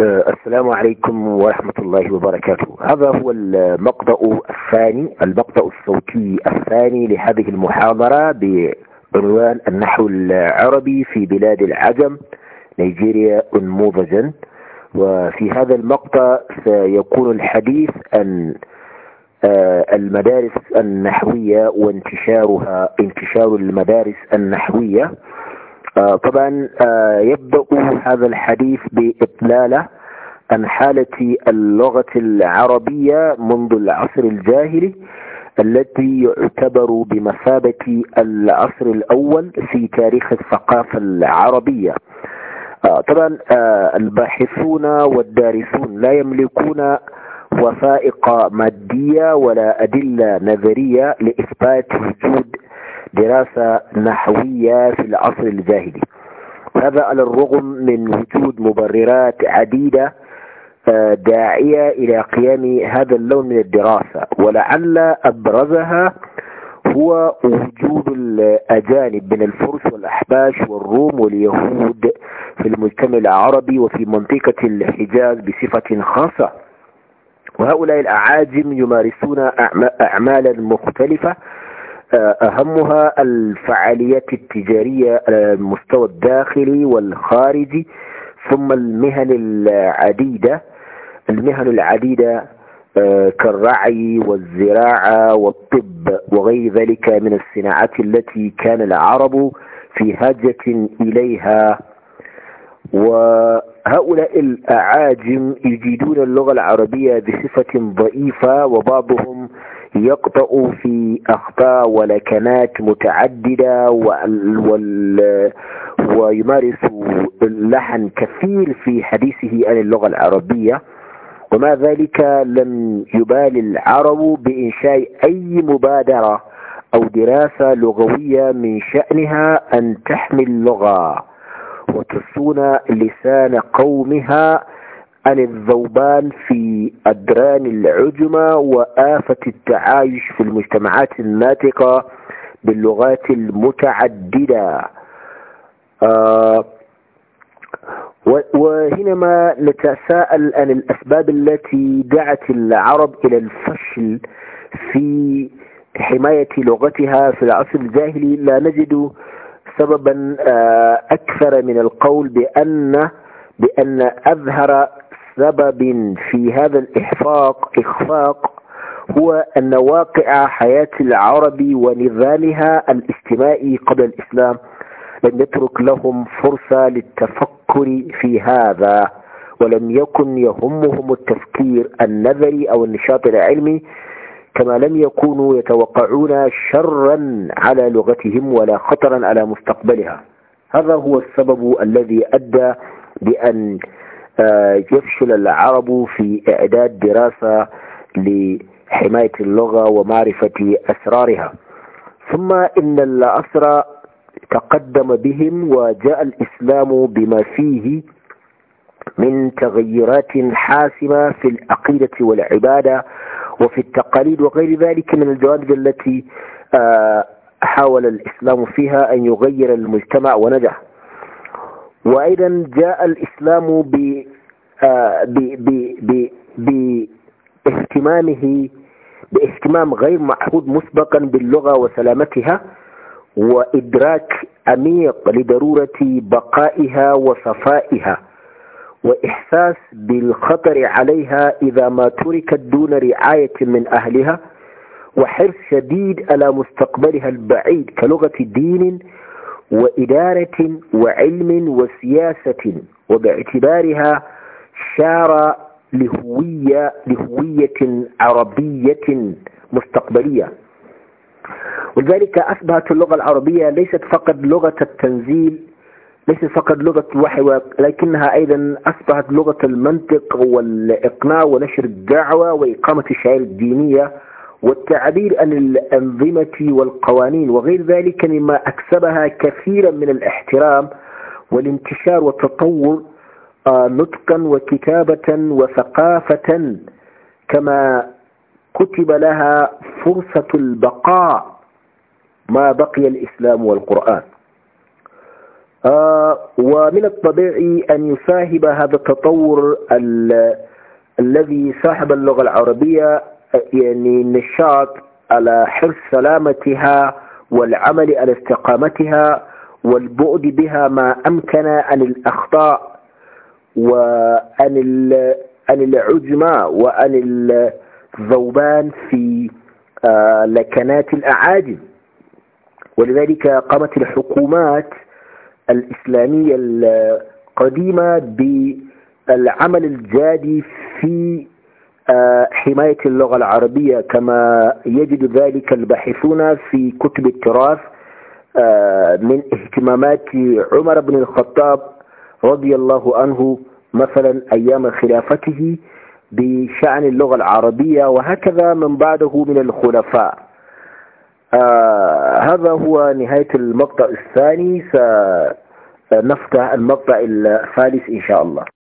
آه، السلام عليكم ورحمة الله وبركاته هذا هو المقطأ الثاني المقطأ الصوتي الثاني لهذه المحاضرة بعنوان النحو العربي في بلاد العجم نيجيريا انموذجا وفي هذا المقطع سيكون الحديث عن آه، المدارس النحوية وانتشارها انتشار المدارس النحوية آه، طبعا آه، يبدأ هذا الحديث بإطلالة عن حالة اللغة العربية منذ العصر الجاهلي التي يعتبر بمثابة العصر الأول في تاريخ الثقافة العربية آه، طبعا الباحثون والدارسون لا يملكون وثائق مادية ولا أدلة نظرية لإثبات وجود دراسة نحوية في العصر الجاهلي هذا على الرغم من وجود مبررات عديدة آه، داعية إلى قيام هذا اللون من الدراسة ولعل أبرزها هو وجود الأجانب من الفرس والأحباش والروم واليهود في المجتمع العربي وفي منطقة الحجاز بصفة خاصة وهؤلاء الأعاجم يمارسون أعمالا مختلفة أهمها الفعاليات التجارية على المستوى الداخلي والخارجي ثم المهن العديدة المهن العديدة آه، كالرعي والزراعة والطب وغير ذلك من الصناعات التي كان العرب في حاجة إليها وهؤلاء الأعاجم يجيدون اللغة العربية بصفة ضعيفة وبعضهم يقطأ في أخطاء ولكنات متعددة ويمارس اللحن كثير في حديثه عن اللغة العربية وما ذلك لم يبال العرب بإنشاء أي مبادرة أو دراسة لغوية من شأنها أن تحمي اللغة وتصون لسان قومها عن الذوبان في أدران العجمة وآفة التعايش في المجتمعات الناطقة باللغات المتعددة آه وهنا نتساءل عن الأسباب التي دعت العرب إلى الفشل في حماية لغتها في العصر الجاهلي لا نجد سببا آه، أكثر من القول بأن بأن أظهر سبب في هذا الإحفاق إخفاق هو أن واقع حياة العرب ونظامها الاجتماعي قبل الإسلام لم يترك لهم فرصة للتفكر في هذا ولم يكن يهمهم التفكير النظري أو النشاط العلمي كما لم يكونوا يتوقعون شرا على لغتهم ولا خطرا على مستقبلها هذا هو السبب الذي أدى بأن يفشل العرب في إعداد دراسة لحماية اللغة ومعرفة أسرارها ثم إن الأسرى تقدم بهم وجاء الإسلام بما فيه من تغيرات حاسمة في العقيدة والعبادة وفي التقاليد وغير ذلك من الجوانب التي آه، حاول الإسلام فيها أن يغير المجتمع ونجح وأيضا جاء الإسلام آه، ب ب باهتمامه باهتمام غير معهود مسبقا باللغة وسلامتها وإدراك عميق لضرورة بقائها وصفائها وإحساس بالخطر عليها إذا ما تركت دون رعاية من أهلها وحرص شديد على مستقبلها البعيد كلغة دين وإدارة وعلم وسياسة وباعتبارها شار لهوية, لهوية عربية مستقبلية ولذلك أصبحت اللغة العربية ليست فقط لغة التنزيل ليست فقط لغة الوحي لكنها أيضا أصبحت لغة المنطق والإقناع ونشر الدعوة وإقامة الشعائر الدينية والتعبير عن الأنظمة والقوانين وغير ذلك مما أكسبها كثيرا من الاحترام والانتشار والتطور آه، نطقا وكتابة وثقافة كما كتب لها فرصة البقاء ما بقي الإسلام والقرآن آه، ومن الطبيعي أن يساهب هذا التطور الذي صاحب اللغة العربية يعني النشاط على حرص سلامتها والعمل على استقامتها والبعد بها ما أمكن عن الأخطاء وعن عن العجمة وعن الذوبان في آه، لكنات الأعاجم ولذلك قامت الحكومات الإسلامية القديمة بالعمل الجادي في آه، حماية اللغة العربية كما يجد ذلك الباحثون في كتب التراث آه، من اهتمامات عمر بن الخطاب رضي الله عنه مثلا أيام خلافته بشأن اللغة العربية وهكذا من بعده من الخلفاء آه، هذا هو نهاية المقطع الثاني سنفتح المقطع الثالث إن شاء الله